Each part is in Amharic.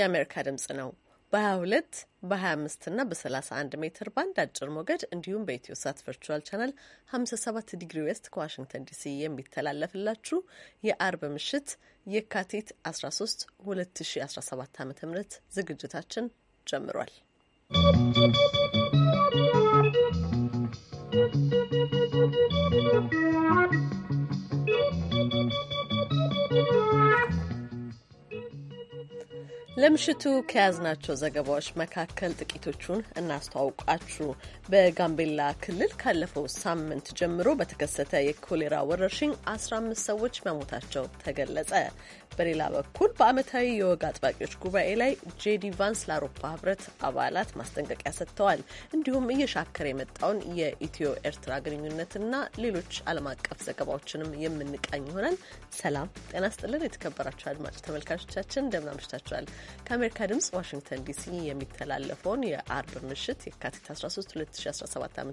የአሜሪካ ድምጽ ነው። በ22 በ25 እና በ31 ሜትር ባንድ አጭር ሞገድ እንዲሁም በኢትዮ ሳት ቨርቹዋል ቻናል 57 ዲግሪ ዌስት ከዋሽንግተን ዲሲ የሚተላለፍላችሁ የአርብ ምሽት የካቲት 13 2017 ዓ ም ዝግጅታችን ጀምሯል። ለምሽቱ ከያዝናቸው ዘገባዎች መካከል ጥቂቶቹን እናስተዋውቃችሁ። በጋምቤላ ክልል ካለፈው ሳምንት ጀምሮ በተከሰተ የኮሌራ ወረርሽኝ 15 ሰዎች መሞታቸው ተገለጸ። በሌላ በኩል በዓመታዊ የወግ አጥባቂዎች ጉባኤ ላይ ጄዲ ቫንስ ለአውሮፓ ህብረት አባላት ማስጠንቀቂያ ሰጥተዋል። እንዲሁም እየሻከረ የመጣውን የኢትዮ ኤርትራ ግንኙነትና ሌሎች ዓለም አቀፍ ዘገባዎችንም የምንቃኝ ይሆናል። ሰላም ጤና ስጥልን። የተከበራችሁ አድማጭ ተመልካቾቻችን እንደምናምሽታችኋል። ከአሜሪካ ድምጽ ዋሽንግተን ዲሲ የሚተላለፈውን የአርብ ምሽት የካቲት 13 2017 ዓ ም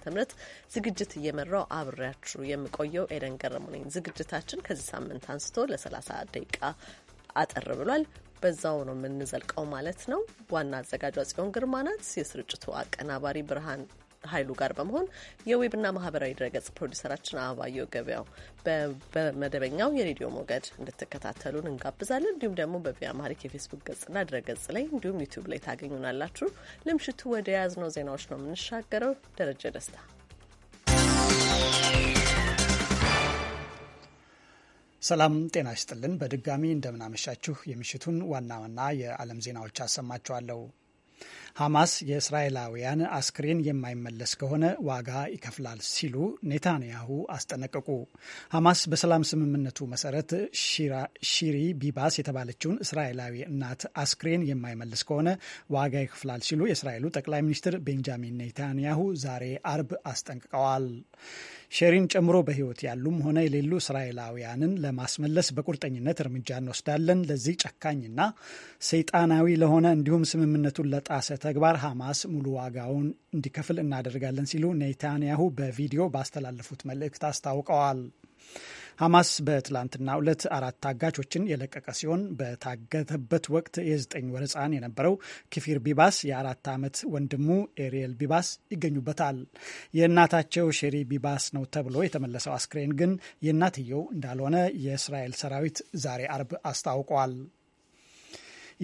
ዝግጅት እየመራው አብሬያችሁ የምቆየው ኤደን ገረሙ ነኝ። ዝግጅታችን ከዚህ ሳምንት አንስቶ ለ30 ደቂቃ አጠር ብሏል። በዛው ነው የምንዘልቀው ማለት ነው። ዋና አዘጋጇ ጽዮን ግርማ ናት። የስርጭቱ አቀናባሪ ብርሃን ኃይሉ ጋር በመሆን የዌብና ማህበራዊ ድረገጽ ፕሮዲሰራችን አበባየው ገበያው በመደበኛው የሬዲዮ ሞገድ እንድትከታተሉን እንጋብዛለን። እንዲሁም ደግሞ በቪያ ማሪክ የፌስቡክ ገጽና ድረገጽ ላይ እንዲሁም ዩቱብ ላይ ታገኙናላችሁ። ለምሽቱ ወደ ያዝነው ዜናዎች ነው የምንሻገረው። ደረጀ ደስታ ሰላም ጤና ይስጥልን። በድጋሚ እንደምናመሻችሁ፣ የምሽቱን ዋና ዋና የዓለም ዜናዎች አሰማችኋለሁ። ሐማስ የእስራኤላውያን አስክሬን የማይመለስ ከሆነ ዋጋ ይከፍላል ሲሉ ኔታንያሁ አስጠነቀቁ። ሐማስ በሰላም ስምምነቱ መሰረት ሺሪ ቢባስ የተባለችውን እስራኤላዊ እናት አስክሬን የማይመልስ ከሆነ ዋጋ ይከፍላል ሲሉ የእስራኤሉ ጠቅላይ ሚኒስትር ቤንጃሚን ኔታንያሁ ዛሬ አርብ አስጠንቅቀዋል። ሼሪን ጨምሮ በህይወት ያሉም ሆነ የሌሉ እስራኤላውያንን ለማስመለስ በቁርጠኝነት እርምጃ እንወስዳለን። ለዚህ ጨካኝና ሰይጣናዊ ለሆነ እንዲሁም ስምምነቱን ለጣሰ ተግባር ሐማስ ሙሉ ዋጋውን እንዲከፍል እናደርጋለን ሲሉ ኔታንያሁ በቪዲዮ ባስተላለፉት መልእክት አስታውቀዋል። ሐማስ በትላንትናው ዕለት አራት ታጋቾችን የለቀቀ ሲሆን በታገተበት ወቅት የዘጠኝ ወር የነበረው ክፊር ቢባስ የአራት ዓመት ወንድሙ ኤሪኤል ቢባስ ይገኙበታል። የእናታቸው ሼሪ ቢባስ ነው ተብሎ የተመለሰው አስክሬን ግን የእናትየው እንዳልሆነ የእስራኤል ሰራዊት ዛሬ አርብ አስታውቋል።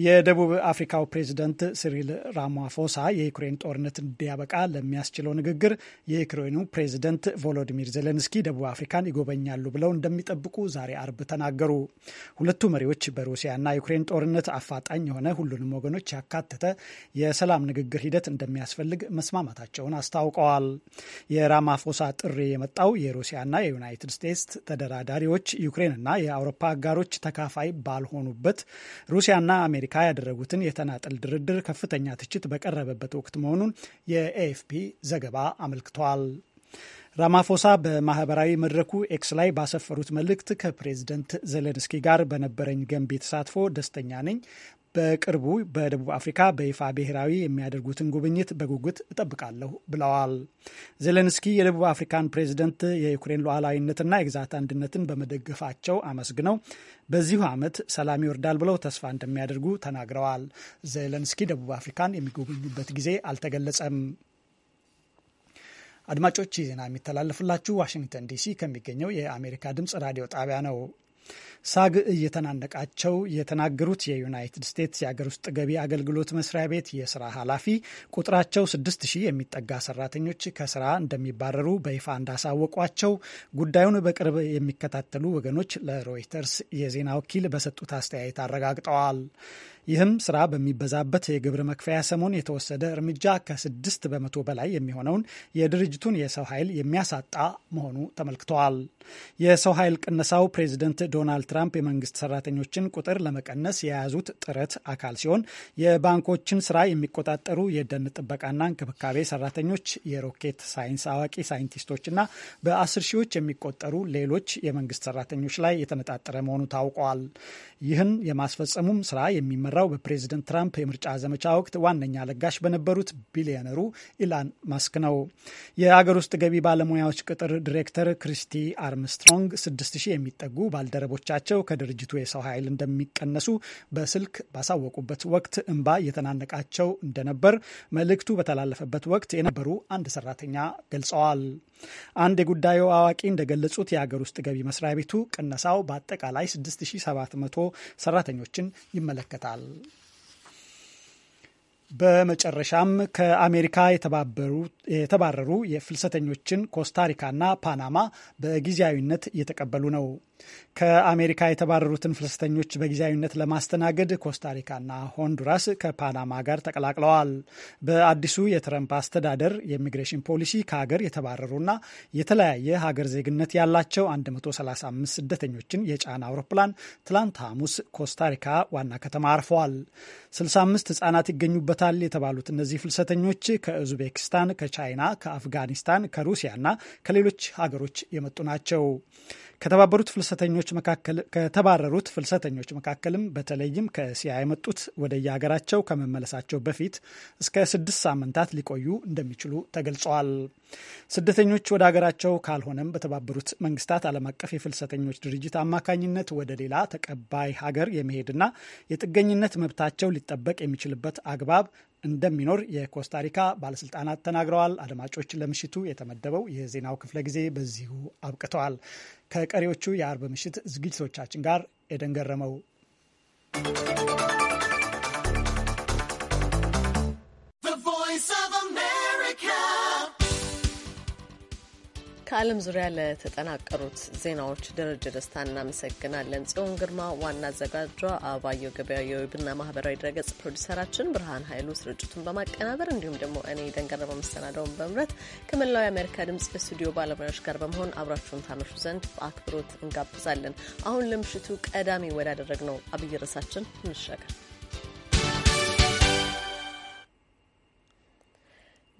የደቡብ አፍሪካው ፕሬዚደንት ሲሪል ራማፎሳ የዩክሬን ጦርነት እንዲያበቃ ለሚያስችለው ንግግር የዩክሬኑ ፕሬዚደንት ቮሎዲሚር ዜሌንስኪ ደቡብ አፍሪካን ይጎበኛሉ ብለው እንደሚጠብቁ ዛሬ አርብ ተናገሩ። ሁለቱ መሪዎች በሩሲያና ዩክሬን ጦርነት አፋጣኝ የሆነ ሁሉንም ወገኖች ያካተተ የሰላም ንግግር ሂደት እንደሚያስፈልግ መስማማታቸውን አስታውቀዋል። የራማፎሳ ጥሪ የመጣው የሩሲያና የዩናይትድ ስቴትስ ተደራዳሪዎች ዩክሬንና የአውሮፓ አጋሮች ተካፋይ ባልሆኑበት ሩሲያና አሜሪካ አሜሪካ ያደረጉትን የተናጠል ድርድር ከፍተኛ ትችት በቀረበበት ወቅት መሆኑን የኤኤፍፒ ዘገባ አመልክቷል። ራማፎሳ በማህበራዊ መድረኩ ኤክስ ላይ ባሰፈሩት መልእክት ከፕሬዝደንት ዘለንስኪ ጋር በነበረኝ ገንቢ ተሳትፎ ደስተኛ ነኝ። በቅርቡ በደቡብ አፍሪካ በይፋ ብሔራዊ የሚያደርጉትን ጉብኝት በጉጉት እጠብቃለሁ ብለዋል። ዜሌንስኪ የደቡብ አፍሪካን ፕሬዚደንት የዩክሬን ሉዓላዊነትና የግዛት አንድነትን በመደገፋቸው አመስግነው በዚሁ ዓመት ሰላም ይወርዳል ብለው ተስፋ እንደሚያደርጉ ተናግረዋል። ዜሌንስኪ ደቡብ አፍሪካን የሚጎበኙበት ጊዜ አልተገለጸም። አድማጮች፣ ዜና የሚተላለፍላችሁ ዋሽንግተን ዲሲ ከሚገኘው የአሜሪካ ድምጽ ራዲዮ ጣቢያ ነው። ሳግ እየተናነቃቸው የተናገሩት የዩናይትድ ስቴትስ የአገር ውስጥ ገቢ አገልግሎት መስሪያ ቤት የስራ ኃላፊ ቁጥራቸው ስድስት ሺህ የሚጠጋ ሰራተኞች ከስራ እንደሚባረሩ በይፋ እንዳሳወቋቸው ጉዳዩን በቅርብ የሚከታተሉ ወገኖች ለሮይተርስ የዜና ወኪል በሰጡት አስተያየት አረጋግጠዋል። ይህም ስራ በሚበዛበት የግብር መክፈያ ሰሞን የተወሰደ እርምጃ ከስድስት በመቶ በላይ የሚሆነውን የድርጅቱን የሰው ኃይል የሚያሳጣ መሆኑ ተመልክተዋል። የሰው ኃይል ቅነሳው ፕሬዚደንት ዶናልድ ትራምፕ የመንግስት ሰራተኞችን ቁጥር ለመቀነስ የያዙት ጥረት አካል ሲሆን የባንኮችን ስራ የሚቆጣጠሩ የደን ጥበቃና እንክብካቤ ሰራተኞች፣ የሮኬት ሳይንስ አዋቂ ሳይንቲስቶችና በአስር ሺዎች የሚቆጠሩ ሌሎች የመንግስት ሰራተኞች ላይ የተነጣጠረ መሆኑ ታውቋል። ይህን የማስፈጸሙም ስራ የሚመ በተመራው በፕሬዝደንት ትራምፕ የምርጫ ዘመቻ ወቅት ዋነኛ ለጋሽ በነበሩት ቢሊዮነሩ ኢላን ማስክ ነው። የአገር ውስጥ ገቢ ባለሙያዎች ቅጥር ዲሬክተር ክሪስቲ አርምስትሮንግ ስድስት ሺህ የሚጠጉ ባልደረቦቻቸው ከድርጅቱ የሰው ኃይል እንደሚቀነሱ በስልክ ባሳወቁበት ወቅት እንባ እየተናነቃቸው እንደነበር መልእክቱ በተላለፈበት ወቅት የነበሩ አንድ ሰራተኛ ገልጸዋል። አንድ የጉዳዩ አዋቂ እንደገለጹት የአገር ውስጥ ገቢ መስሪያ ቤቱ ቅነሳው በአጠቃላይ 6700 ሰራተኞችን ይመለከታል። በመጨረሻም ከአሜሪካ የተባረሩ የፍልሰተኞችን ኮስታሪካና ፓናማ በጊዜያዊነት እየተቀበሉ ነው። ከአሜሪካ የተባረሩትን ፍልሰተኞች በጊዜያዊነት ለማስተናገድ ኮስታሪካና ሆንዱራስ ከፓናማ ጋር ተቀላቅለዋል። በአዲሱ የትረምፕ አስተዳደር የኢሚግሬሽን ፖሊሲ ከሀገር የተባረሩና የተለያየ ሀገር ዜግነት ያላቸው 135 ስደተኞችን የጫነ አውሮፕላን ትላንት ሐሙስ ኮስታሪካ ዋና ከተማ አርፈዋል። 65 ህጻናት ይገኙበታል የተባሉት እነዚህ ፍልሰተኞች ከኡዝቤክስታን፣ ከቻይና፣ ከአፍጋኒስታን፣ ከሩሲያና ከሌሎች ሀገሮች የመጡ ናቸው። ከተባበሩት ፍልሰተኞች መካከል ከተባረሩት ፍልሰተኞች መካከልም በተለይም ከእስያ የመጡት ወደ የሀገራቸው ከመመለሳቸው በፊት እስከ ስድስት ሳምንታት ሊቆዩ እንደሚችሉ ተገልጸዋል። ስደተኞች ወደ ሀገራቸው ካልሆነም በተባበሩት መንግስታት ዓለም አቀፍ የፍልሰተኞች ድርጅት አማካኝነት ወደ ሌላ ተቀባይ ሀገር የመሄድና የጥገኝነት መብታቸው ሊጠበቅ የሚችልበት አግባብ እንደሚኖር የኮስታሪካ ባለስልጣናት ተናግረዋል። አድማጮች፣ ለምሽቱ የተመደበው የዜናው ክፍለ ጊዜ በዚሁ አብቅተዋል። ከቀሪዎቹ የአርብ ምሽት ዝግጅቶቻችን ጋር ኤደን ገረመው ከዓለም ዙሪያ ለተጠናቀሩት ዜናዎች ደረጀ ደስታ እናመሰግናለን። ጽዮን ግርማ፣ ዋና አዘጋጇ አበባየው ገበያ የዌብና ማህበራዊ ድረገጽ ፕሮዲሰራችን ብርሃን ኃይሉ ስርጭቱን በማቀናበር እንዲሁም ደግሞ እኔ ደንገረመ መሰናዳውን በምረት ከመላው የአሜሪካ ድምጽ የስቱዲዮ ባለሙያዎች ጋር በመሆን አብራችሁን ታመሹ ዘንድ በአክብሮት እንጋብዛለን። አሁን ለምሽቱ ቀዳሚ ነው አብይ ርዕሳችን እንሻገር።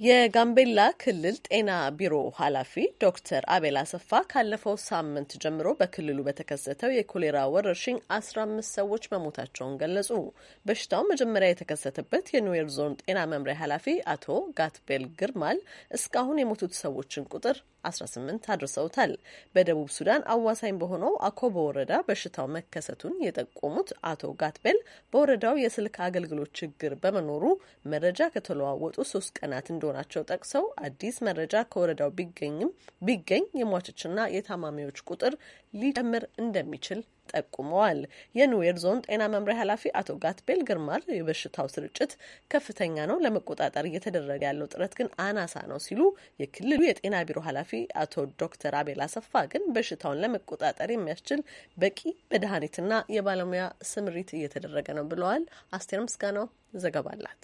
የጋምቤላ ክልል ጤና ቢሮ ኃላፊ ዶክተር አቤል አሰፋ ካለፈው ሳምንት ጀምሮ በክልሉ በተከሰተው የኮሌራ ወረርሽኝ አስራ አምስት ሰዎች መሞታቸውን ገለጹ። በሽታው መጀመሪያ የተከሰተበት የኑዌር ዞን ጤና መምሪያ ኃላፊ አቶ ጋትቤል ግርማል እስካሁን የሞቱት ሰዎችን ቁጥር 18 አድርሰውታል። በደቡብ ሱዳን አዋሳኝ በሆነው አኮቦ ወረዳ በሽታው መከሰቱን የጠቆሙት አቶ ጋትቤል በወረዳው የስልክ አገልግሎት ችግር በመኖሩ መረጃ ከተለዋወጡ ሶስት ቀናት እንደሆናቸው ጠቅሰው አዲስ መረጃ ከወረዳው ቢገኝም ቢገኝ የሟቾችና የታማሚዎች ቁጥር ሊጨምር እንደሚችል ጠቁመዋል። የኑዌር ዞን ጤና መምሪያ ኃላፊ አቶ ጋትቤል ግርማል የበሽታው ስርጭት ከፍተኛ ነው፣ ለመቆጣጠር እየተደረገ ያለው ጥረት ግን አናሳ ነው ሲሉ የክልሉ የጤና ቢሮ ኃላፊ አቶ ዶክተር አቤል አሰፋ ግን በሽታውን ለመቆጣጠር የሚያስችል በቂ መድኃኒትና የባለሙያ ስምሪት እየተደረገ ነው ብለዋል። አስቴር ምስጋናው ዘገባ አላት።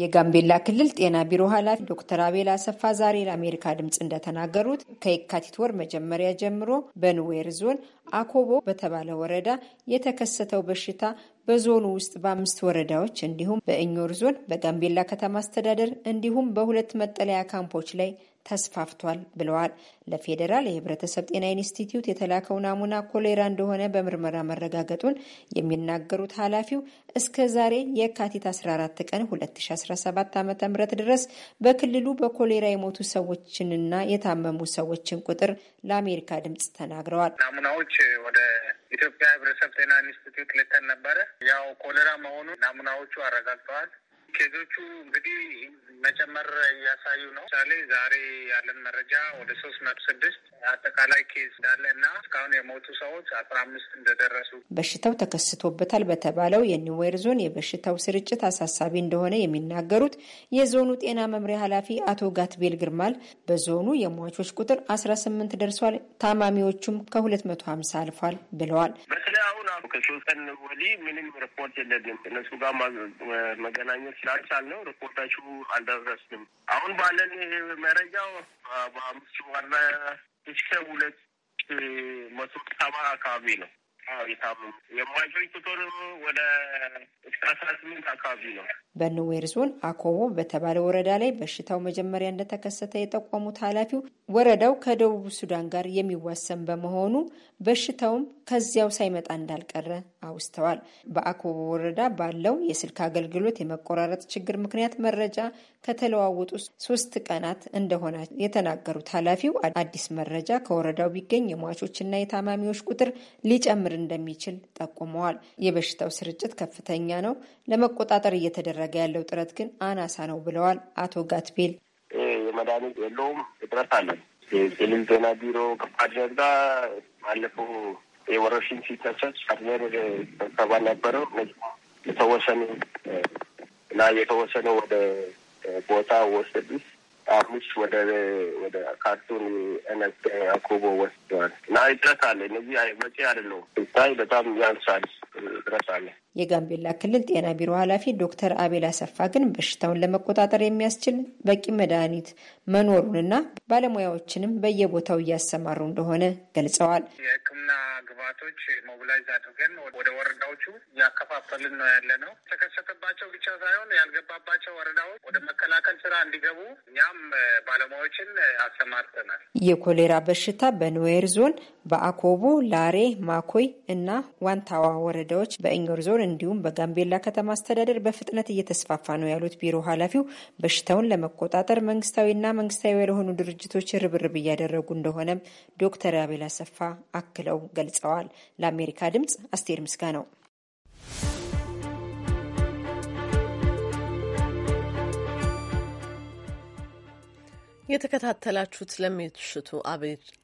የጋምቤላ ክልል ጤና ቢሮ ኃላፊ ዶክተር አቤል አሰፋ ዛሬ ለአሜሪካ ድምፅ እንደተናገሩት ከየካቲት ወር መጀመሪያ ጀምሮ በንዌር ዞን አኮቦ በተባለ ወረዳ የተከሰተው በሽታ በዞኑ ውስጥ በአምስት ወረዳዎች እንዲሁም በእኞር ዞን በጋምቤላ ከተማ አስተዳደር እንዲሁም በሁለት መጠለያ ካምፖች ላይ ተስፋፍቷል ብለዋል። ለፌዴራል የህብረተሰብ ጤና ኢንስቲትዩት የተላከው ናሙና ኮሌራ እንደሆነ በምርመራ መረጋገጡን የሚናገሩት ኃላፊው እስከ ዛሬ የካቲት 14 ቀን 2017 ዓ ም ድረስ በክልሉ በኮሌራ የሞቱ ሰዎችንና የታመሙ ሰዎችን ቁጥር ለአሜሪካ ድምፅ ተናግረዋል። ናሙናዎች ወደ ኢትዮጵያ ህብረተሰብ ጤና ኢንስቲትዩት ልከን ነበረ። ያው ኮሌራ መሆኑን ናሙናዎቹ አረጋግጠዋል። ኬዞቹ እንግዲህ መጨመር እያሳዩ ነው። ምሳሌ ዛሬ ያለን መረጃ ወደ ሶስት መቶ ስድስት አጠቃላይ ኬዝ እንዳለ እና እስካሁን የሞቱ ሰዎች አስራ አምስት እንደደረሱ በሽታው ተከስቶበታል በተባለው የኒዌር ዞን የበሽታው ስርጭት አሳሳቢ እንደሆነ የሚናገሩት የዞኑ ጤና መምሪያ ኃላፊ አቶ ጋትቤል ግርማል በዞኑ የሟቾች ቁጥር አስራ ስምንት ደርሷል፣ ታማሚዎቹም ከሁለት መቶ ሀምሳ አልፏል ብለዋል። በተለይ አሁን ከሶስት ቀን ወዲህ ምንም ሪፖርት የለንም እነሱ ጋር መገናኘት ስላልቻልነው ሪፖርታችሁ አልደረስንም። አሁን ባለን መረጃው በአምስት ዋና እስከ ሁለት መቶ ሰባ አካባቢ ነው የታመሙ በንዌር ዞን አኮቦ በተባለ ወረዳ ላይ በሽታው መጀመሪያ እንደተከሰተ የጠቆሙት ኃላፊው ወረዳው ከደቡብ ሱዳን ጋር የሚዋሰን በመሆኑ በሽታውም ከዚያው ሳይመጣ እንዳልቀረ አውስተዋል። በአኮቦ ወረዳ ባለው የስልክ አገልግሎት የመቆራረጥ ችግር ምክንያት መረጃ ከተለዋወጡ ሶስት ቀናት እንደሆነ የተናገሩት ኃላፊው አዲስ መረጃ ከወረዳው ቢገኝ የሟቾችና የታማሚዎች ቁጥር ሊጨምር እንደሚችል ጠቁመዋል። የበሽታው ስርጭት ከፍተኛ ነው፣ ለመቆጣጠር እየተደረገ ያለው ጥረት ግን አናሳ ነው ብለዋል አቶ ጋትቤል። መድኃኒት የለውም እጥረት አለን። የክልል ቢሮ ከባድ ባለፈው የወረርሽኝ ሲከሰት ቀድመን ወደ ሰባ ነበረው የተወሰኑ እና የተወሰኑ ወደ ቦታ ወሰዱት። አምስት ወደ ወደ ካርቱን እነት አኮቦ ወስደዋል እና እጥረት አለ። እነዚህ በቂ አይደለም ስታይ በጣም ያንሳል፣ እጥረት የጋምቤላ ክልል ጤና ቢሮ ኃላፊ ዶክተር አቤል አሰፋ ግን በሽታውን ለመቆጣጠር የሚያስችል በቂ መድኃኒት መኖሩንና ባለሙያዎችንም በየቦታው እያሰማሩ እንደሆነ ገልጸዋል። የሕክምና ግብአቶች ሞቢላይዝ አድርገን ወደ ወረዳዎቹ እያከፋፈልን ነው ያለ ነው። የተከሰተባቸው ብቻ ሳይሆን ያልገባባቸው ወረዳዎች ወደ መከላከል ስራ እንዲገቡ እኛም ባለሙያዎችን አሰማርተናል። የኮሌራ በሽታ በኑዌር ዞን በአኮቦ፣ ላሬ፣ ማኮይ እና ዋንታዋ ወረዳዎች በኢንገር ዞን እንዲሁም በጋምቤላ ከተማ አስተዳደር በፍጥነት እየተስፋፋ ነው ያሉት ቢሮ ኃላፊው በሽታውን ለመቆጣጠር መንግስታዊና መንግስታዊ ያልሆኑ ድርጅቶች ርብርብ እያደረጉ እንደሆነም ዶክተር አቤል አሰፋ አክለው ገልጸዋል። ገልጸዋል። ለአሜሪካ ድምጽ አስቴር ምስጋ ነው። የተከታተላችሁት ለምሽቱ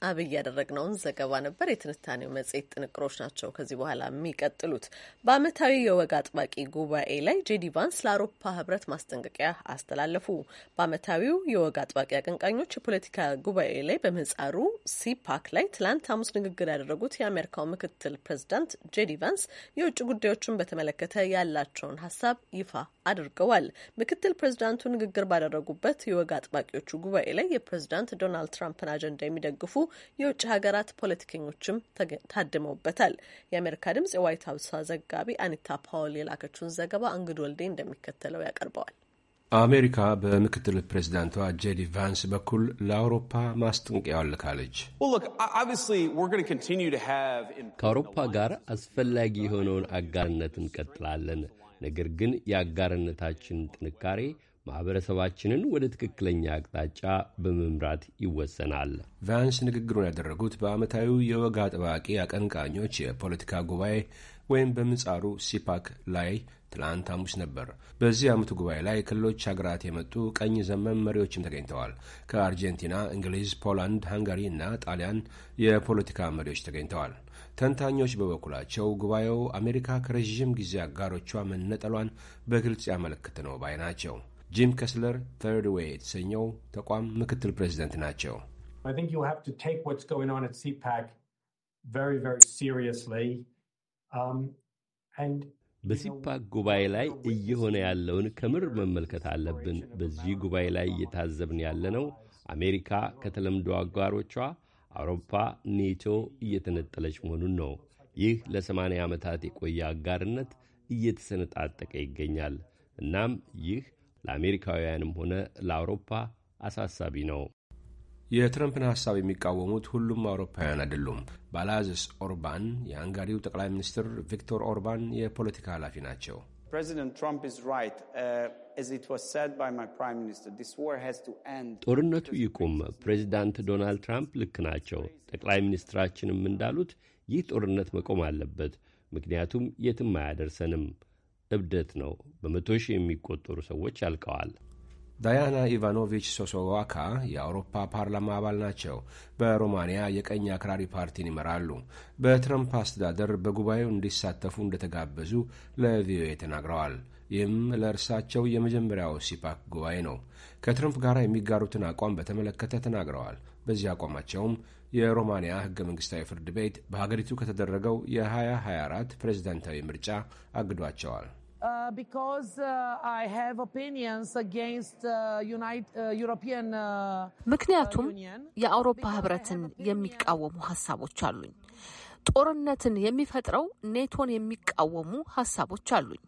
አብይ ያደረግነውን ዘገባ ነበር። የትንታኔው መጽሔት ጥንቅሮች ናቸው ከዚህ በኋላ የሚቀጥሉት። በአመታዊ የወግ አጥባቂ ጉባኤ ላይ ጄዲ ቫንስ ለአውሮፓ ህብረት ማስጠንቀቂያ አስተላለፉ። በአመታዊው የወግ አጥባቂ አቀንቃኞች የፖለቲካ ጉባኤ ላይ በምህጻሩ ሲፓክ ላይ ትላንት ሐሙስ ንግግር ያደረጉት የአሜሪካው ምክትል ፕሬዚዳንት ጄዲ ቫንስ የውጭ ጉዳዮችን በተመለከተ ያላቸውን ሀሳብ ይፋ አድርገዋል። ምክትል ፕሬዚዳንቱ ንግግር ባደረጉበት የወግ አጥባቂዎቹ ጉባኤ ላይ የፕሬዚዳንት ዶናልድ ትራምፕን አጀንዳ የሚደግፉ የውጭ ሀገራት ፖለቲከኞችም ታድመውበታል። የአሜሪካ ድምጽ የዋይት ሀውስ ዘጋቢ አኒታ ፓውል የላከችውን ዘገባ እንግድ ወልዴ እንደሚከተለው ያቀርበዋል። አሜሪካ በምክትል ፕሬዚዳንቷ ጄዲ ቫንስ በኩል ለአውሮፓ ማስጠንቀቂያዋን ልካለች። ከአውሮፓ ጋር አስፈላጊ የሆነውን አጋርነት እንቀጥላለን። ነገር ግን የአጋርነታችን ጥንካሬ ማህበረሰባችንን ወደ ትክክለኛ አቅጣጫ በመምራት ይወሰናል። ቫንስ ንግግሩን ያደረጉት በዓመታዊው የወግ አጥባቂ አቀንቃኞች የፖለቲካ ጉባኤ ወይም በምጻሩ ሲፓክ ላይ ትላንት ሐሙስ ነበር። በዚህ ዓመቱ ጉባኤ ላይ ከሌሎች ሀገራት የመጡ ቀኝ ዘመን መሪዎችም ተገኝተዋል። ከአርጀንቲና፣ እንግሊዝ፣ ፖላንድ፣ ሃንጋሪ እና ጣሊያን የፖለቲካ መሪዎች ተገኝተዋል። ተንታኞች በበኩላቸው ጉባኤው አሜሪካ ከረዥም ጊዜ አጋሮቿ መነጠሏን በግልጽ ያመለክት ነው ባይ ናቸው። ጂም ከስለር ተርድ ዌይ የተሰኘው ተቋም ምክትል ፕሬዚደንት ናቸው። um, በሲፓክ ጉባኤ ላይ እየሆነ ያለውን ከምር መመልከት አለብን። በዚህ ጉባኤ ላይ እየታዘብን ያለነው አሜሪካ ከተለምዶ አጋሮቿ አውሮፓ ኔቶ እየተነጠለች መሆኑን ነው። ይህ ለ80 ዓመታት የቆየ አጋርነት እየተሰነጣጠቀ ይገኛል። እናም ይህ ለአሜሪካውያንም ሆነ ለአውሮፓ አሳሳቢ ነው። የትረምፕን ሀሳብ የሚቃወሙት ሁሉም አውሮፓውያን አይደሉም። ባላዝስ ኦርባን የአንጋሪው ጠቅላይ ሚኒስትር ቪክቶር ኦርባን የፖለቲካ ኃላፊ ናቸው። Uh, ጦርነቱ ይቁም። ፕሬዚዳንት ዶናልድ ትራምፕ ልክ ናቸው። ጠቅላይ ሚኒስትራችንም እንዳሉት ይህ ጦርነት መቆም አለበት፣ ምክንያቱም የትም አያደርሰንም። እብደት ነው። በመቶ ሺህ የሚቆጠሩ ሰዎች አልቀዋል። ዳያና ኢቫኖቪች ሶሶዋካ የአውሮፓ ፓርላማ አባል ናቸው። በሮማንያ የቀኝ አክራሪ ፓርቲን ይመራሉ። በትረምፕ አስተዳደር በጉባኤው እንዲሳተፉ እንደተጋበዙ ለቪኦኤ ተናግረዋል። ይህም ለእርሳቸው የመጀመሪያው ሲፓክ ጉባኤ ነው። ከትረምፕ ጋር የሚጋሩትን አቋም በተመለከተ ተናግረዋል። በዚህ አቋማቸውም የሮማንያ ህገ መንግስታዊ ፍርድ ቤት በሀገሪቱ ከተደረገው የ2024 ፕሬዝዳንታዊ ምርጫ አግዷቸዋል። uh, because uh, I have opinions against uh, unite, uh, European uh, ምክንያቱም uh, የአውሮፓ ህብረትን የሚቃወሙ ሀሳቦች አሉኝ። ጦርነትን የሚፈጥረው ኔቶን የሚቃወሙ ሀሳቦች አሉኝ።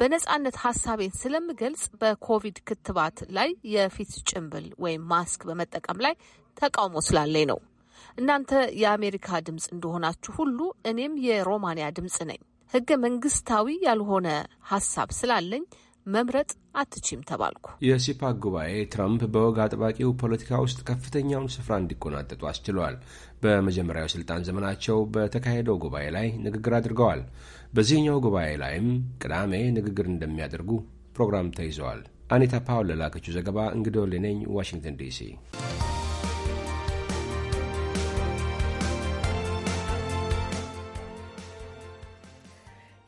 በነጻነት ሀሳቤን ስለምገልጽ በኮቪድ ክትባት ላይ የፊት ጭንብል ወይም ማስክ በመጠቀም ላይ ተቃውሞ ስላለኝ ነው። እናንተ የአሜሪካ ድምፅ እንደሆናችሁ ሁሉ እኔም የሮማንያ ድምፅ ነኝ። ህገ መንግስታዊ ያልሆነ ሀሳብ ስላለኝ መምረጥ አትችም ተባልኩ። የሲፓክ ጉባኤ ትራምፕ በወግ አጥባቂው ፖለቲካ ውስጥ ከፍተኛውን ስፍራ እንዲቆናጠጡ አስችሏል። በመጀመሪያው ስልጣን ዘመናቸው በተካሄደው ጉባኤ ላይ ንግግር አድርገዋል። በዚህኛው ጉባኤ ላይም ቅዳሜ ንግግር እንደሚያደርጉ ፕሮግራም ተይዘዋል። አኒታ ፓውል ለላከችው ዘገባ እንግዶ ሌነኝ ዋሽንግተን ዲሲ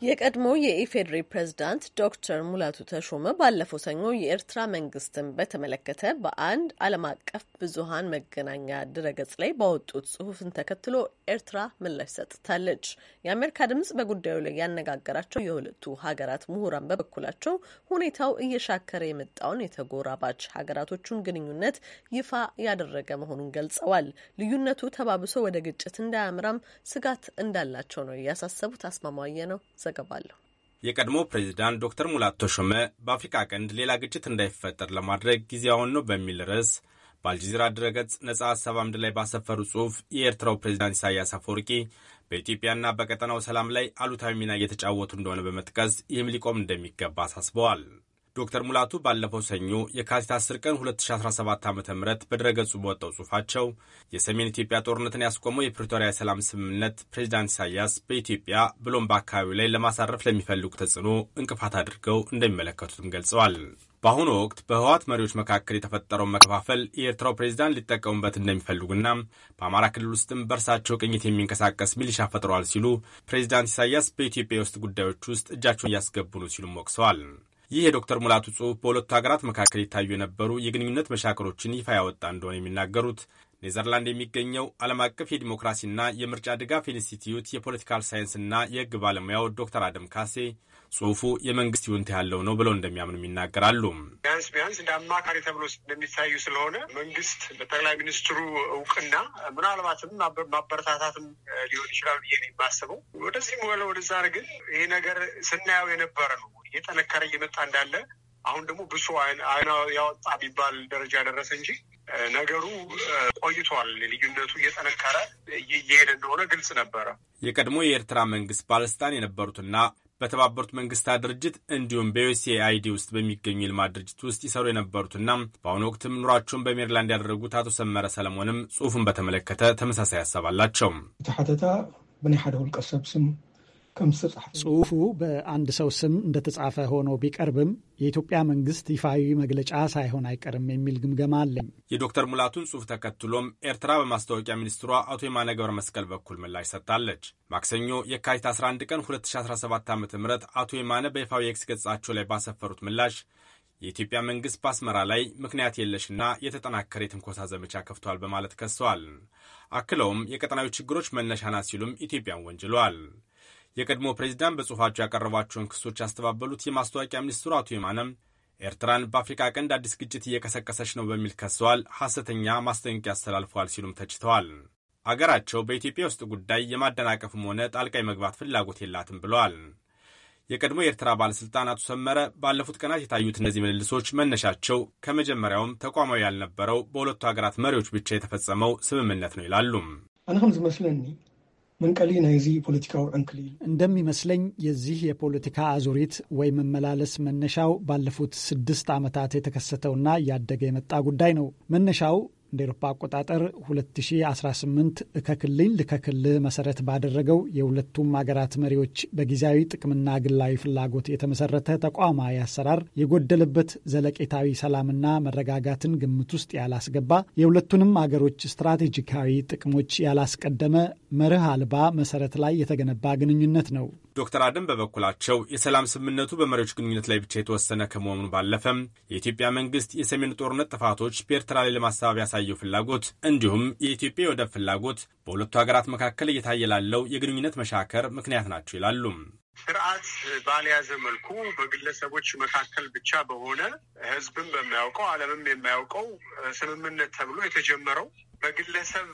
የቀድሞ የኢፌዴሪ ፕሬዝዳንት ዶክተር ሙላቱ ተሾመ ባለፈው ሰኞ የኤርትራ መንግስትን በተመለከተ በአንድ ዓለም አቀፍ ብዙሀን መገናኛ ድረገጽ ላይ ባወጡት ጽሁፍን ተከትሎ ኤርትራ ምላሽ ሰጥታለች። የአሜሪካ ድምጽ በጉዳዩ ላይ ያነጋገራቸው የሁለቱ ሀገራት ምሁራን በበኩላቸው ሁኔታው እየሻከረ የመጣውን የተጎራባች ሀገራቶቹን ግንኙነት ይፋ ያደረገ መሆኑን ገልጸዋል። ልዩነቱ ተባብሶ ወደ ግጭት እንዳያምራም ስጋት እንዳላቸው ነው እያሳሰቡት አስማማየ ነው ዘገባ የቀድሞ ፕሬዚዳንት ዶክተር ሙላቱ ተሾመ በአፍሪካ ቀንድ ሌላ ግጭት እንዳይፈጠር ለማድረግ ጊዜ አሁን ነው በሚል ርዕስ በአልጀዚራ ድረገጽ ነጻ ሀሳብ አምድ ላይ ባሰፈሩ ጽሑፍ የኤርትራው ፕሬዚዳንት ኢሳያስ አፈወርቂ በኢትዮጵያና በቀጠናው ሰላም ላይ አሉታዊ ሚና እየተጫወቱ እንደሆነ በመጥቀስ ይህም ሊቆም እንደሚገባ አሳስበዋል። ዶክተር ሙላቱ ባለፈው ሰኞ የካቲት 10 ቀን 2017 ዓ ም በድረገጹ በወጣው ጽሁፋቸው የሰሜን ኢትዮጵያ ጦርነትን ያስቆመው የፕሪቶሪያ የሰላም ስምምነት ፕሬዚዳንት ኢሳያስ በኢትዮጵያ ብሎም በአካባቢው ላይ ለማሳረፍ ለሚፈልጉ ተጽዕኖ እንቅፋት አድርገው እንደሚመለከቱትም ገልጸዋል። በአሁኑ ወቅት በህወሓት መሪዎች መካከል የተፈጠረውን መከፋፈል የኤርትራው ፕሬዚዳንት ሊጠቀሙበት እንደሚፈልጉና በአማራ ክልል ውስጥም በእርሳቸው ቅኝት የሚንቀሳቀስ ሚሊሻ ፈጥረዋል ሲሉ ፕሬዚዳንት ኢሳያስ በኢትዮጵያ የውስጥ ጉዳዮች ውስጥ እጃቸውን እያስገቡ ነው ሲሉም ወቅሰዋል። ይህ የዶክተር ሙላቱ ጽሑፍ በሁለቱ ሀገራት መካከል ይታዩ የነበሩ የግንኙነት መሻከሮችን ይፋ ያወጣ እንደሆነ የሚናገሩት ኔዘርላንድ የሚገኘው ዓለም አቀፍ የዲሞክራሲና የምርጫ ድጋፍ ኢንስቲትዩት የፖለቲካል ሳይንስና የሕግ ባለሙያው ዶክተር አደም ካሴ ጽሁፉ የመንግስት ይሁንታ ያለው ነው ብለው እንደሚያምኑም ይናገራሉ። ቢያንስ ቢያንስ እንደ አማካሪ ተብሎ እንደሚታዩ ስለሆነ መንግስት በጠቅላይ ሚኒስትሩ እውቅና ምናልባትም ማበረታታትም ሊሆን ይችላል ብዬ ነው የማስበው። ወደዚህ ሆነ ወደዛ ግን ይሄ ነገር ስናየው የነበረ ነው እየጠነከረ እየመጣ እንዳለ አሁን ደግሞ ብሶ አይና ያወጣ የሚባል ደረጃ ደረሰ እንጂ ነገሩ ቆይቷል። ልዩነቱ እየጠነከረ እየሄደ እንደሆነ ግልጽ ነበረ። የቀድሞ የኤርትራ መንግስት ባለስልጣን የነበሩትና በተባበሩት መንግስታት ድርጅት እንዲሁም በዩኤስኤአይዲ ውስጥ በሚገኙ የልማት ድርጅት ውስጥ ይሰሩ የነበሩትና በአሁኑ ወቅትም ኑሯቸውን በሜሪላንድ ያደረጉት አቶ ሰመረ ሰለሞንም ጽሁፉን በተመለከተ ተመሳሳይ ያሰባላቸው ተሓተታ ብናይ ሓደ ውልቀ ሰብ ስም ጽሑፉ በአንድ ሰው ስም እንደተጻፈ ሆኖ ቢቀርብም የኢትዮጵያ መንግስት ይፋዊ መግለጫ ሳይሆን አይቀርም የሚል ግምገማ አለኝ። የዶክተር ሙላቱን ጽሑፍ ተከትሎም ኤርትራ በማስታወቂያ ሚኒስትሯ አቶ የማነ ገብረ መስቀል በኩል ምላሽ ሰጥታለች። ማክሰኞ የካቲት 11 ቀን 2017 ዓ ም አቶ የማነ በይፋዊ ኤክስ ገጻቸው ላይ ባሰፈሩት ምላሽ የኢትዮጵያ መንግስት በአስመራ ላይ ምክንያት የለሽና የተጠናከረ የትንኮሳ ዘመቻ ከፍቷል በማለት ከሰዋል። አክለውም የቀጠናዊ ችግሮች መነሻ ናት ሲሉም ኢትዮጵያን ወንጅለዋል። የቀድሞ ፕሬዚዳንት በጽሑፋቸው ያቀረቧቸውን ክሶች ያስተባበሉት የማስታወቂያ ሚኒስትሩ አቶ የማነም ኤርትራን በአፍሪካ ቀንድ አዲስ ግጭት እየቀሰቀሰች ነው በሚል ከሰዋል። ሐሰተኛ ማስጠንቀቂያ አስተላልፈዋል ሲሉም ተችተዋል። አገራቸው በኢትዮጵያ ውስጥ ጉዳይ የማደናቀፍም ሆነ ጣልቃ የመግባት ፍላጎት የላትም ብለዋል። የቀድሞ የኤርትራ ባለሥልጣን አቶ ሰመረ ባለፉት ቀናት የታዩት እነዚህ ምልልሶች መነሻቸው ከመጀመሪያውም ተቋማዊ ያልነበረው በሁለቱ ሀገራት መሪዎች ብቻ የተፈጸመው ስምምነት ነው ይላሉ። አነ ከም ዝመስለኒ መንቀሊ ናይዚ ፖለቲካዊ እዩ እንደሚመስለኝ የዚህ የፖለቲካ አዙሪት ወይ መመላለስ መነሻው ባለፉት ስድስት ዓመታት የተከሰተውና እያደገ የመጣ ጉዳይ ነው። መነሻው እንደ ኤሮፓ አቆጣጠር 2018 እከክልኝ ልከክልህ መሰረት ባደረገው የሁለቱም አገራት መሪዎች በጊዜያዊ ጥቅምና ግላዊ ፍላጎት የተመሰረተ ተቋማዊ አሰራር የጎደለበት ዘለቄታዊ ሰላምና መረጋጋትን ግምት ውስጥ ያላስገባ የሁለቱንም አገሮች ስትራቴጂካዊ ጥቅሞች ያላስቀደመ መርህ አልባ መሰረት ላይ የተገነባ ግንኙነት ነው። ዶክተር አደም በበኩላቸው የሰላም ስምምነቱ በመሪዎች ግንኙነት ላይ ብቻ የተወሰነ ከመሆኑ ባለፈም የኢትዮጵያ መንግስት የሰሜኑ ጦርነት ጥፋቶች በኤርትራ ላይ ለማሳበብ ያሳየው ፍላጎት እንዲሁም የኢትዮጵያ የወደብ ፍላጎት በሁለቱ ሀገራት መካከል እየታየ ላለው የግንኙነት መሻከር ምክንያት ናቸው ይላሉ። ስርዓት ባልያዘ መልኩ በግለሰቦች መካከል ብቻ በሆነ ህዝብም በማያውቀው ዓለምም የማያውቀው ስምምነት ተብሎ የተጀመረው በግለሰብ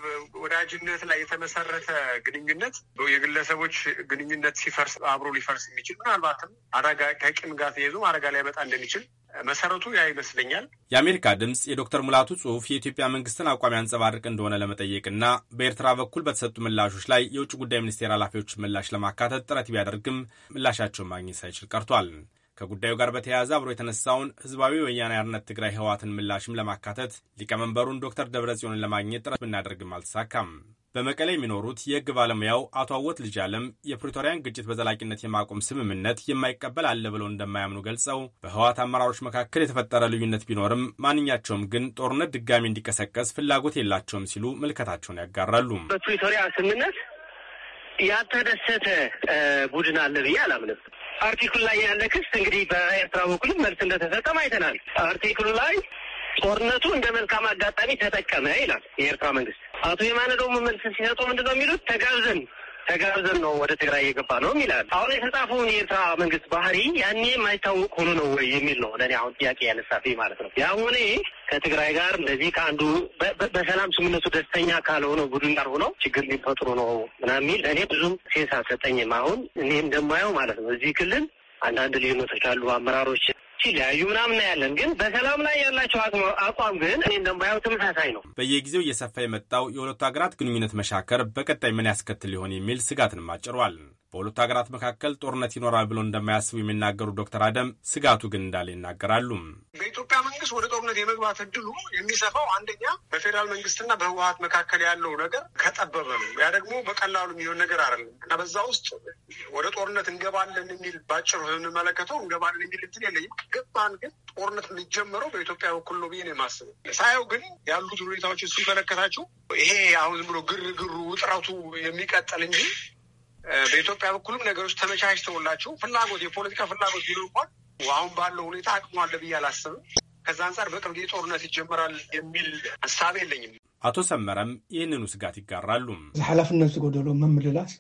ወዳጅነት ላይ የተመሰረተ ግንኙነት የግለሰቦች ግንኙነት ሲፈርስ አብሮ ሊፈርስ የሚችል ምናልባትም አደጋ ከቂም ጋር ተይዞ አደጋ ሊያመጣ እንደሚችል መሰረቱ ያ ይመስለኛል። የአሜሪካ ድምፅ የዶክተር ሙላቱ ጽሁፍ የኢትዮጵያ መንግስትን አቋም ያንጸባርቅ እንደሆነ ለመጠየቅና በኤርትራ በኩል በተሰጡ ምላሾች ላይ የውጭ ጉዳይ ሚኒስቴር ኃላፊዎች ምላሽ ለማካተት ጥረት ቢያደርግም ምላሻቸውን ማግኘት ሳይችል ቀርቷል። ከጉዳዩ ጋር በተያያዘ አብሮ የተነሳውን ህዝባዊ ወያነ ሓርነት ትግራይ ህወሓትን ምላሽም ለማካተት ሊቀመንበሩን ዶክተር ደብረጽዮንን ለማግኘት ጥረት ብናደርግም አልተሳካም። በመቀሌ የሚኖሩት የህግ ባለሙያው አቶ አወት ልጅ አለም የፕሪቶሪያን ግጭት በዘላቂነት የማቆም ስምምነት የማይቀበል አለ ብለው እንደማያምኑ ገልጸው በህወሓት አመራሮች መካከል የተፈጠረ ልዩነት ቢኖርም ማንኛቸውም ግን ጦርነት ድጋሚ እንዲቀሰቀስ ፍላጎት የላቸውም ሲሉ ምልከታቸውን ያጋራሉ። በፕሪቶሪያ ስምምነት ያልተደሰተ ቡድን አለ ብዬ አላምንም። አርቲክሉ ላይ ያለ ክስ እንግዲህ በኤርትራ በኩልም መልስ እንደተሰጠም አይተናል። አርቲክሉ ላይ ጦርነቱ እንደ መልካም አጋጣሚ ተጠቀመ ይላል የኤርትራ መንግስት። አቶ የማነ ደግሞ መልስ ሲሰጡ ምንድነው የሚሉት? ተጋብዘን ተጋብዘን ነው ወደ ትግራይ እየገባ ነው ይላል። አሁን የተጻፈውን የኤርትራ መንግስት ባህሪ ያኔ የማይታወቅ ሆኖ ነው ወይ የሚል ነው ለእኔ አሁን ጥያቄ ያነሳፊ ማለት ነው። ያሁኔ ከትግራይ ጋር እንደዚህ ከአንዱ በሰላም ስምነቱ ደስተኛ ካልሆነ ቡድን ጋር ሆነው ችግር ሊፈጥሩ ነው ምናምን የሚል እኔ ብዙም ሴንስ አልሰጠኝም። አሁን እኔ እንደማየው ማለት ነው እዚህ ክልል አንዳንድ ልዩነቶች አሉ አመራሮች ሲለያዩ ምናምን ያለን ግን በሰላም ላይ ያላቸው አቋም ግን እኔ ያው ተመሳሳይ ነው። በየጊዜው እየሰፋ የመጣው የሁለቱ ሀገራት ግንኙነት መሻከር በቀጣይ ምን ያስከትል ሊሆን የሚል ስጋትን ማጭሯል። በሁለቱ ሀገራት መካከል ጦርነት ይኖራል ብሎ እንደማያስቡ የሚናገሩ ዶክተር አደም ስጋቱ ግን እንዳለ ይናገራሉ። በኢትዮጵያ መንግስት ወደ ጦርነት የመግባት እድሉ የሚሰፋው አንደኛ በፌዴራል መንግስትና በህወሀት መካከል ያለው ነገር ከጠበበ ነው። ያ ደግሞ በቀላሉ የሚሆን ነገር አይደለም እና በዛ ውስጥ ወደ ጦርነት እንገባለን የሚል ባጭሩ ስንመለከተው እንገባለን የሚል እንትን የለኝም። ገባን ግን ጦርነት የሚጀመረው በኢትዮጵያ በኩል ነው ብዬ ነው የማስበው። ሳየው ግን ያሉት ሁኔታዎች ስመለከታቸው ይሄ አሁን ዝም ብሎ ግርግሩ ውጥረቱ የሚቀጥል እንጂ በኢትዮጵያ በኩልም ነገሮች ተመቻችተውላቸው ፍላጎት የፖለቲካ ፍላጎት ቢሉ እንኳን አሁን ባለው ሁኔታ አቅሙ አለ ብዬ አላስብም። ከዛ አንጻር በቅርብ ጊዜ ጦርነት ይጀመራል የሚል ሀሳብ የለኝም። አቶ ሰመረም ይህንኑ ስጋት ይጋራሉ። እዚ ዝጎደሎ መምልላስ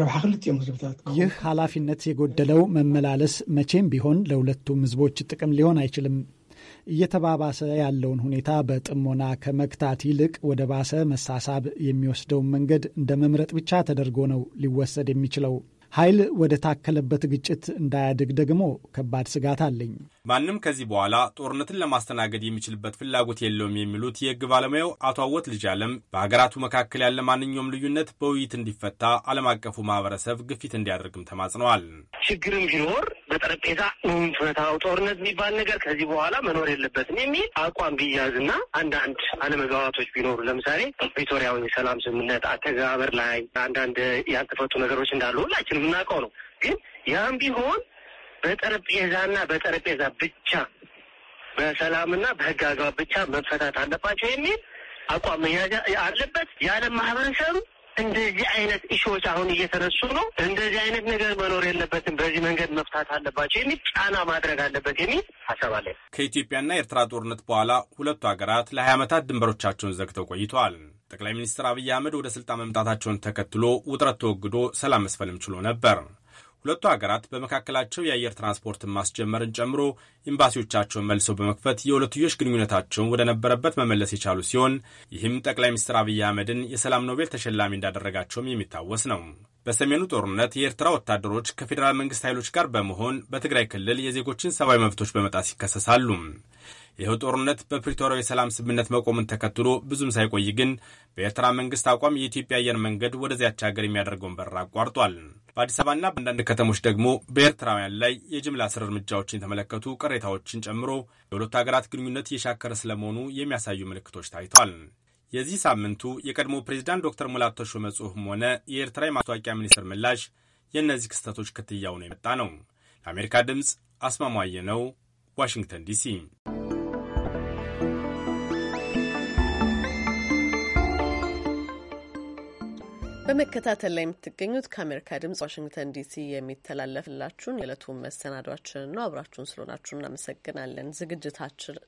ረብሓ ክልቲኦም ህዝብታት ይህ ኃላፊነት የጎደለው መመላለስ መቼም ቢሆን ለሁለቱም ህዝቦች ጥቅም ሊሆን አይችልም። እየተባባሰ ያለውን ሁኔታ በጥሞና ከመግታት ይልቅ ወደ ባሰ መሳሳብ የሚወስደውን መንገድ እንደ መምረጥ ብቻ ተደርጎ ነው ሊወሰድ የሚችለው። ኃይል ወደ ታከለበት ግጭት እንዳያድግ ደግሞ ከባድ ስጋት አለኝ። ማንም ከዚህ በኋላ ጦርነትን ለማስተናገድ የሚችልበት ፍላጎት የለውም የሚሉት የህግ ባለሙያው አቶ አወት ልጅ አለም በሀገራቱ መካከል ያለ ማንኛውም ልዩነት በውይይት እንዲፈታ ዓለም አቀፉ ማህበረሰብ ግፊት እንዲያደርግም ተማጽነዋል። ችግርም ቢኖር በጠረጴዛ የምንፈታው ጦርነት የሚባል ነገር ከዚህ በኋላ መኖር የለበትም የሚል አቋም ቢያዝና አንዳንድ አለመግባባቶች ቢኖሩ ለምሳሌ ፕሪቶሪያውን የሰላም ስምምነት አተገባበር ላይ አንዳንድ ያልተፈቱ ነገሮች እንዳሉ ሁላችንም የምናውቀው ነው ግን ያም ቢሆን በጠረጴዛና በጠረጴዛ ብቻ በሰላምና በህግ አግባብ ብቻ መፈታት አለባቸው የሚል አቋም መያዝ አለበት። የዓለም ማህበረሰብ እንደዚህ አይነት እሾች አሁን እየተነሱ ነው። እንደዚህ አይነት ነገር መኖር የለበትም፣ በዚህ መንገድ መፍታት አለባቸው የሚል ጫና ማድረግ አለበት የሚል ሀሳብ አለ። ከኢትዮጵያና ኤርትራ ጦርነት በኋላ ሁለቱ ሀገራት ለሀያ ዓመታት ድንበሮቻቸውን ዘግተው ቆይተዋል። ጠቅላይ ሚኒስትር አብይ አህመድ ወደ ስልጣን መምጣታቸውን ተከትሎ ውጥረት ተወግዶ ሰላም መስፈልም ችሎ ነበር። ሁለቱ ሀገራት በመካከላቸው የአየር ትራንስፖርትን ማስጀመርን ጨምሮ ኤምባሲዎቻቸውን መልሰው በመክፈት የሁለትዮሽ ግንኙነታቸውን ወደ ነበረበት መመለስ የቻሉ ሲሆን ይህም ጠቅላይ ሚኒስትር አብይ አህመድን የሰላም ኖቤል ተሸላሚ እንዳደረጋቸውም የሚታወስ ነው። በሰሜኑ ጦርነት የኤርትራ ወታደሮች ከፌዴራል መንግስት ኃይሎች ጋር በመሆን በትግራይ ክልል የዜጎችን ሰብአዊ መብቶች በመጣስ ይከሰሳሉ። ይኸው ጦርነት በፕሪቶሪያው የሰላም ስምምነት መቆምን ተከትሎ ብዙም ሳይቆይ ግን በኤርትራ መንግስት አቋም የኢትዮጵያ አየር መንገድ ወደዚያች ሀገር የሚያደርገውን በረራ አቋርጧል። በአዲስ አበባና በአንዳንድ ከተሞች ደግሞ በኤርትራውያን ላይ የጅምላ እስር እርምጃዎችን የተመለከቱ ቅሬታዎችን ጨምሮ የሁለቱ ሀገራት ግንኙነት እየሻከረ ስለመሆኑ የሚያሳዩ ምልክቶች ታይተዋል። የዚህ ሳምንቱ የቀድሞ ፕሬዚዳንት ዶክተር ሙላቱ ተሾመ ጽሑፍም ሆነ የኤርትራ የማስታወቂያ ሚኒስትር ምላሽ የእነዚህ ክስተቶች ክትያው ነው የመጣ ነው። ለአሜሪካ ድምፅ አስማማየ ነው፣ ዋሽንግተን ዲሲ በመከታተል ላይ የምትገኙት ከአሜሪካ ድምጽ ዋሽንግተን ዲሲ የሚተላለፍላችሁን የዕለቱን መሰናዷችንን ነው። አብራችሁን ስለሆናችሁ እናመሰግናለን።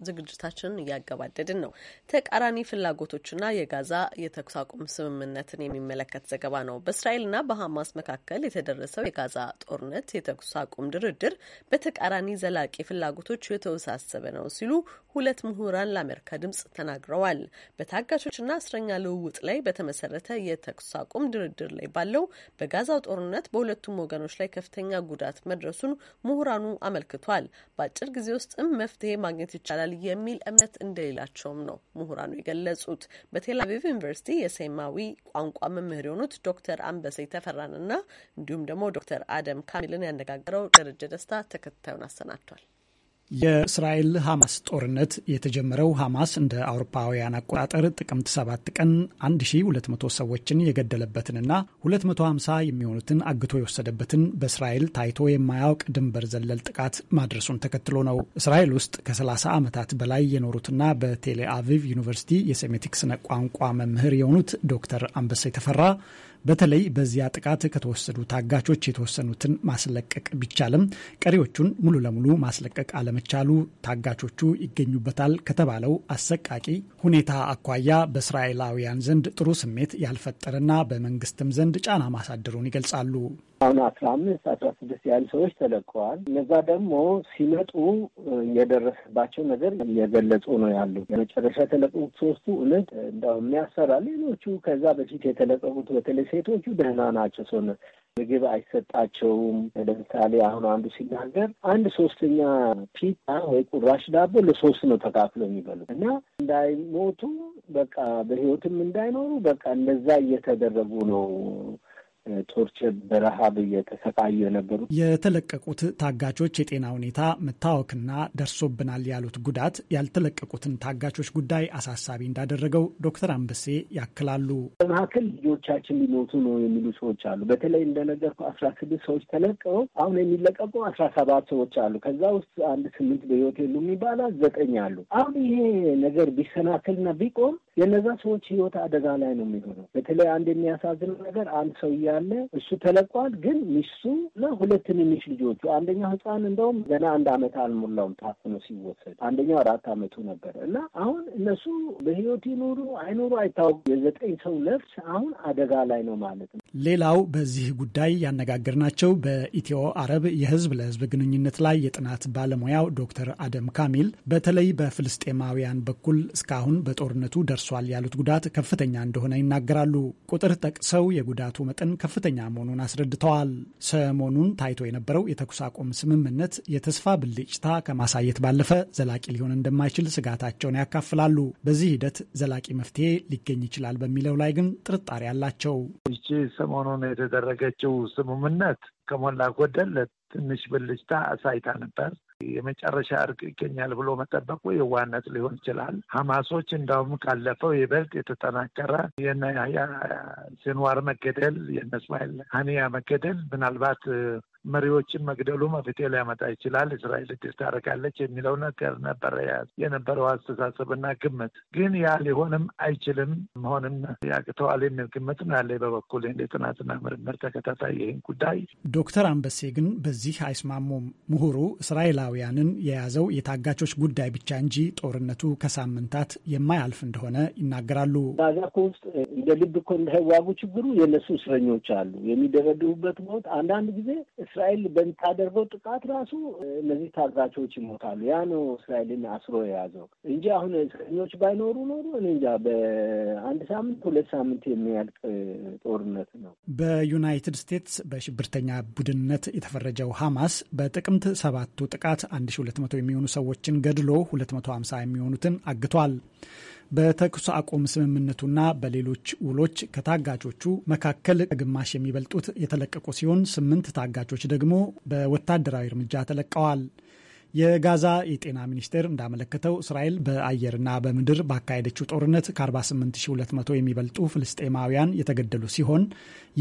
ዝግጅታችንን እያገባደድን ነው። ተቃራኒ ፍላጎቶችና የጋዛ የተኩስ አቁም ስምምነትን የሚመለከት ዘገባ ነው። በእስራኤልና በሐማስ መካከል የተደረሰው የጋዛ ጦርነት የተኩስ አቁም ድርድር በተቃራኒ ዘላቂ ፍላጎቶች የተወሳሰበ ነው ሲሉ ሁለት ምሁራን ለአሜሪካ ድምጽ ተናግረዋል። በታጋቾችና እስረኛ ልውውጥ ላይ በተመሰረተ የተኩስ አቁም ድርድር ላይ ባለው በጋዛው ጦርነት በሁለቱም ወገኖች ላይ ከፍተኛ ጉዳት መድረሱን ምሁራኑ አመልክቷል። በአጭር ጊዜ ውስጥም መፍትሄ ማግኘት ይቻላል የሚል እምነት እንደሌላቸውም ነው ምሁራኑ የገለጹት። በቴላቪቭ ዩኒቨርሲቲ የሴማዊ ቋንቋ መምህር የሆኑት ዶክተር አንበሴ ተፈራንና እንዲሁም ደግሞ ዶክተር አደም ካሚልን ያነጋገረው ደረጀ ደስታ ተከታዩን አሰናድቷል። የእስራኤል ሐማስ ጦርነት የተጀመረው ሐማስ እንደ አውሮፓውያን አቆጣጠር ጥቅምት 7 ቀን 1200 ሰዎችን የገደለበትንና 250 የሚሆኑትን አግቶ የወሰደበትን በእስራኤል ታይቶ የማያውቅ ድንበር ዘለል ጥቃት ማድረሱን ተከትሎ ነው። እስራኤል ውስጥ ከ30 ዓመታት በላይ የኖሩትና በቴሌአቪቭ ዩኒቨርሲቲ የሴሜቲክ ስነ ቋንቋ መምህር የሆኑት ዶክተር አንበሳ የተፈራ በተለይ በዚያ ጥቃት ከተወሰዱ ታጋቾች የተወሰኑትን ማስለቀቅ ቢቻልም ቀሪዎቹን ሙሉ ለሙሉ ማስለቀቅ አለመቻሉ ታጋቾቹ ይገኙበታል ከተባለው አሰቃቂ ሁኔታ አኳያ በእስራኤላውያን ዘንድ ጥሩ ስሜት ያልፈጠረና በመንግስትም ዘንድ ጫና ማሳደሩን ይገልጻሉ። አሁን አስራ አምስት አስራ ስድስት ያህል ሰዎች ተለቀዋል። እነዛ ደግሞ ሲመጡ የደረሰባቸው ነገር እየገለጹ ነው ያሉ። የመጨረሻ የተለቀቁት ሶስቱ እውነት እንደው የሚያሰራ፣ ሌሎቹ ከዛ በፊት የተለቀቁት በተለይ ሴቶቹ ደህና ናቸው። ሰው ምግብ አይሰጣቸውም። ለምሳሌ አሁን አንዱ ሲናገር አንድ ሶስተኛ ፒታ ወይ ቁራሽ ዳቦ ለሶስት ነው ተካፍለው የሚበሉት እና እንዳይሞቱ በቃ በህይወትም እንዳይኖሩ በቃ እንደዛ እየተደረጉ ነው ቶርቸር በረሃብ እየተሰቃዩ የነበሩት የተለቀቁት ታጋቾች የጤና ሁኔታ መታወክና ደርሶብናል ያሉት ጉዳት ያልተለቀቁትን ታጋቾች ጉዳይ አሳሳቢ እንዳደረገው ዶክተር አንበሴ ያክላሉ። በመካከል ልጆቻችን ሊሞቱ ነው የሚሉ ሰዎች አሉ። በተለይ እንደነገርኩ አስራ ስድስት ሰዎች ተለቀው አሁን የሚለቀቁ አስራ ሰባት ሰዎች አሉ። ከዛ ውስጥ አንድ ስምንት በህይወት የሉ የሚባል ዘጠኝ አሉ። አሁን ይሄ ነገር ቢሰናከልና ቢቆም የነዛ ሰዎች ህይወት አደጋ ላይ ነው የሚሆነው። በተለይ አንድ የሚያሳዝነው ነገር አንድ እያ ያለ እሱ ተለቋል። ግን ሚስቱ እና ሁለት ትንንሽ ልጆቹ አንደኛው ህፃን እንደውም ገና አንድ አመት አልሞላውም ታፍኖ ሲወሰድ፣ አንደኛው አራት አመቱ ነበር እና አሁን እነሱ በህይወት ይኑሩ አይኑሩ አይታወቁም። የዘጠኝ ሰው ነፍስ አሁን አደጋ ላይ ነው ማለት ነው። ሌላው በዚህ ጉዳይ ያነጋገርናቸው በኢትዮ አረብ የህዝብ ለህዝብ ግንኙነት ላይ የጥናት ባለሙያው ዶክተር አደም ካሚል በተለይ በፍልስጤማውያን በኩል እስካሁን በጦርነቱ ደርሷል ያሉት ጉዳት ከፍተኛ እንደሆነ ይናገራሉ። ቁጥር ጠቅሰው የጉዳቱ መጠን ከፍተኛ መሆኑን አስረድተዋል። ሰሞኑን ታይቶ የነበረው የተኩስ አቁም ስምምነት የተስፋ ብልጭታ ከማሳየት ባለፈ ዘላቂ ሊሆን እንደማይችል ስጋታቸውን ያካፍላሉ። በዚህ ሂደት ዘላቂ መፍትሄ ሊገኝ ይችላል በሚለው ላይ ግን ጥርጣሬ አላቸው። ሰሞኑን የተደረገችው ስምምነት ከሞላ ጎደል ትንሽ ብልጭታ አሳይታ ነበር። የመጨረሻ እርቅ ይገኛል ብሎ መጠበቁ የዋነት ሊሆን ይችላል። ሀማሶች እንዳውም ካለፈው ይበልጥ የተጠናከረ የነ ያህያ ሲንዋር መገደል፣ የነ እስማኤል ሀኒያ መገደል ምናልባት መሪዎችን መግደሉ መፍትሄ ሊያመጣ ይችላል፣ እስራኤል ድል ታደርጋለች የሚለው ነገር ነበረ የነበረው አስተሳሰብና ግምት። ግን ያ ሊሆንም አይችልም መሆንም ያቅተዋል የሚል ግምት ነው ያለ በበኩል እንደ ጥናትና ምርምር ተከታታይ ይህን ጉዳይ። ዶክተር አንበሴ ግን በዚህ አይስማሙም። ምሁሩ እስራኤላውያንን የያዘው የታጋቾች ጉዳይ ብቻ እንጂ ጦርነቱ ከሳምንታት የማያልፍ እንደሆነ ይናገራሉ። ባዛኮ ውስጥ እንደ ልብ እኮ እንዳይዋጉ ችግሩ የእነሱ እስረኞች አሉ የሚደረድሩበት ሞት አንዳንድ ጊዜ እስራኤል በምታደርገው ጥቃት ራሱ እነዚህ ታጋቾች ይሞታሉ። ያ ነው እስራኤልን አስሮ የያዘው እንጂ አሁን እስረኞች ባይኖሩ ኖሩ እኔ እንጃ በአንድ ሳምንት ሁለት ሳምንት የሚያልቅ ጦርነት ነው። በዩናይትድ ስቴትስ በሽብርተኛ ቡድንነት የተፈረጀው ሐማስ በጥቅምት ሰባቱ ጥቃት አሺ2መቶ የሚሆኑ ሰዎችን ገድሎ መቶ ሀምሳ የሚሆኑትን አግቷል። በተኩስ አቁም ስምምነቱና በሌሎች ውሎች ከታጋቾቹ መካከል ከግማሽ የሚበልጡት የተለቀቁ ሲሆን ስምንት ታጋቾች ደግሞ በወታደራዊ እርምጃ ተለቀዋል። የጋዛ የጤና ሚኒስቴር እንዳመለከተው እስራኤል በአየርና በምድር ባካሄደችው ጦርነት ከ48200 የሚበልጡ ፍልስጤማውያን የተገደሉ ሲሆን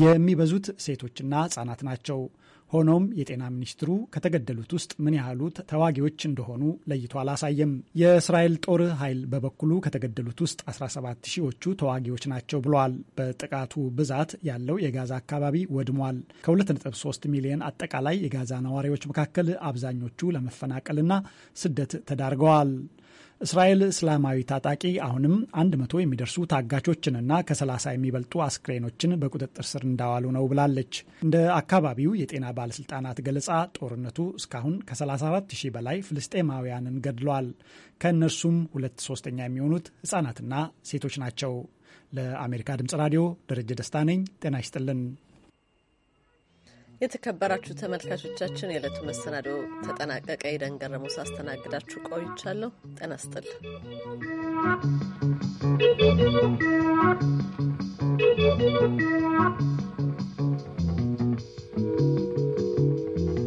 የሚበዙት ሴቶችና ህጻናት ናቸው። ሆኖም የጤና ሚኒስትሩ ከተገደሉት ውስጥ ምን ያህሉ ተዋጊዎች እንደሆኑ ለይቶ አላሳየም። የእስራኤል ጦር ኃይል በበኩሉ ከተገደሉት ውስጥ 17 ሺዎቹ ተዋጊዎች ናቸው ብለዋል። በጥቃቱ ብዛት ያለው የጋዛ አካባቢ ወድሟል። ከ2.3 ሚሊዮን አጠቃላይ የጋዛ ነዋሪዎች መካከል አብዛኞቹ ለመፈናቀልና ስደት ተዳርገዋል። እስራኤል እስላማዊ ታጣቂ አሁንም 100 የሚደርሱ ታጋቾችንና ከ30 የሚበልጡ አስክሬኖችን በቁጥጥር ስር እንዳዋሉ ነው ብላለች። እንደ አካባቢው የጤና ባለስልጣናት ገለጻ ጦርነቱ እስካሁን ከ34 ሺህ በላይ ፍልስጤማውያንን ገድሏል። ከእነርሱም ሁለት ሶስተኛ የሚሆኑት ህጻናትና ሴቶች ናቸው። ለአሜሪካ ድምጽ ራዲዮ ደረጀ ደስታ ነኝ። ጤና ይስጥልን። የተከበራችሁ ተመልካቾቻችን የዕለቱ መሰናዶ ተጠናቀቀ። የደን ገረመው ሳስተናግዳችሁ ቆይቻለሁ። ጤና ይስጥልኝ።